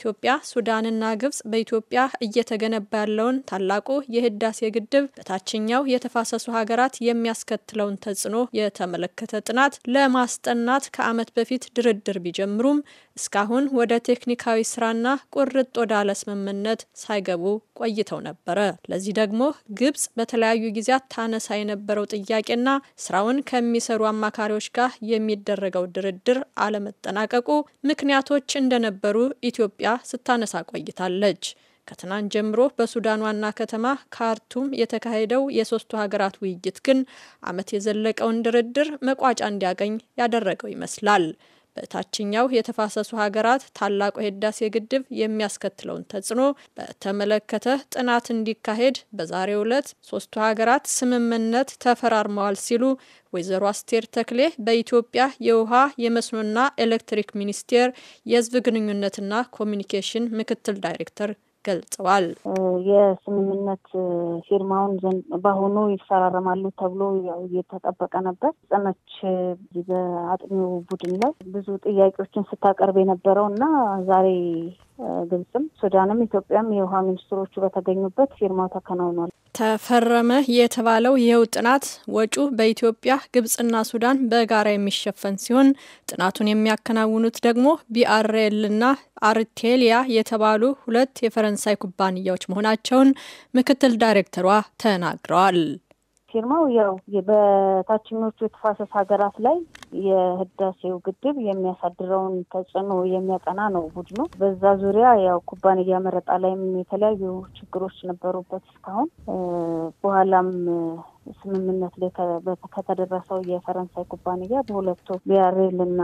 ኢትዮጵያ፣ ሱዳንና ግብጽ በኢትዮጵያ እየተገነባ ያለውን ታላቁ የህዳሴ ግድብ በታችኛው የተፋሰሱ ሀገራት የሚያስከትለውን ተጽዕኖ የተመለከተ ጥናት ለማስጠናት ከዓመት በፊት ድርድር ቢጀምሩም እስካሁን ወደ ቴክኒካዊ ስራና ቁርጥ ወዳለ ስምምነት ሳይገቡ ቆይተው ነበረ። ለዚህ ደግሞ ግብጽ በተለያዩ ጊዜያት ታነሳ የነበረው ጥያቄና ስራውን ከሚሰሩ አማካሪዎች ጋር የሚደረገው ድርድር አለመጠናቀቁ ምክንያቶች እንደነበሩ ኢትዮጵያ ኢትዮጵያ ስታነሳ ቆይታለች። ከትናንት ጀምሮ በሱዳን ዋና ከተማ ካርቱም የተካሄደው የሶስቱ ሀገራት ውይይት ግን ዓመት የዘለቀውን ድርድር መቋጫ እንዲያገኝ ያደረገው ይመስላል። በታችኛው የተፋሰሱ ሀገራት ታላቁ የህዳሴ ግድብ የሚያስከትለውን ተጽዕኖ በተመለከተ ጥናት እንዲካሄድ በዛሬው ዕለት ሶስቱ ሀገራት ስምምነት ተፈራርመዋል ሲሉ ወይዘሮ አስቴር ተክሌ በኢትዮጵያ የውሃ የመስኖና ኤሌክትሪክ ሚኒስቴር የህዝብ ግንኙነትና ኮሚኒኬሽን ምክትል ዳይሬክተር ገልጸዋል። የስምምነት ፊርማውን በአሁኑ ይፈራረማሉ ተብሎ እየተጠበቀ ነበር። ጸመች በአጥኚው ቡድን ላይ ብዙ ጥያቄዎችን ስታቀርብ የነበረው እና ዛሬ ግልጽም፣ ሱዳንም ኢትዮጵያም የውሃ ሚኒስትሮቹ በተገኙበት ፊርማው ተከናውኗል። ተፈረመ የተባለው ይኸው ጥናት ወጪው በኢትዮጵያ ግብጽና ሱዳን በጋራ የሚሸፈን ሲሆን ጥናቱን የሚያከናውኑት ደግሞ ቢአርኤልና አርቴሊያ የተባሉ ሁለት የፈረንሳይ ኩባንያዎች መሆናቸውን ምክትል ዳይሬክተሯ ተናግረዋል። ፊርማው ያው በታችኞቹ የተፋሰስ ሀገራት ላይ የህዳሴው ግድብ የሚያሳድረውን ተጽዕኖ የሚያጠና ነው ቡድኑ። በዛ ዙሪያ ያው ኩባንያ መረጣ ላይም የተለያዩ ችግሮች ነበሩበት እስካሁን በኋላም ስምምነት ላይ ከተደረሰው የፈረንሳይ ኩባንያ በሁለቱ ቢያሬል እና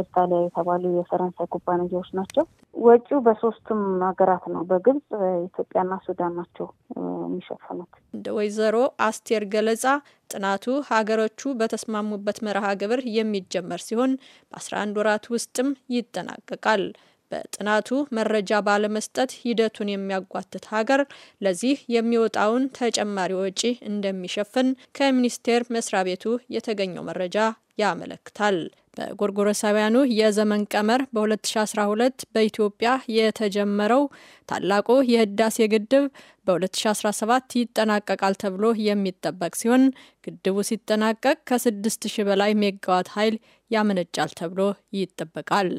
ኤርታሊያ የተባሉ የፈረንሳይ ኩባንያዎች ናቸው። ወጪው በሶስቱም ሀገራት ነው። በግብጽ ኢትዮጵያና ሱዳን ናቸው የሚሸፍኑት። ወይዘሮ አስቴር ገለጻ ጥናቱ ሀገሮቹ በተስማሙበት መርሃ ግብር የሚጀመር ሲሆን በ11 ወራት ውስጥም ይጠናቀቃል። በጥናቱ መረጃ ባለመስጠት ሂደቱን የሚያጓትት ሀገር ለዚህ የሚወጣውን ተጨማሪ ወጪ እንደሚሸፍን ከሚኒስቴር መስሪያ ቤቱ የተገኘው መረጃ ያመለክታል። በጎርጎረሳውያኑ የዘመን ቀመር በ2012 በኢትዮጵያ የተጀመረው ታላቁ የህዳሴ ግድብ በ2017 ይጠናቀቃል ተብሎ የሚጠበቅ ሲሆን ግድቡ ሲጠናቀቅ ከ6000 በላይ ሜጋዋት ኃይል ያመነጫል ተብሎ ይጠበቃል።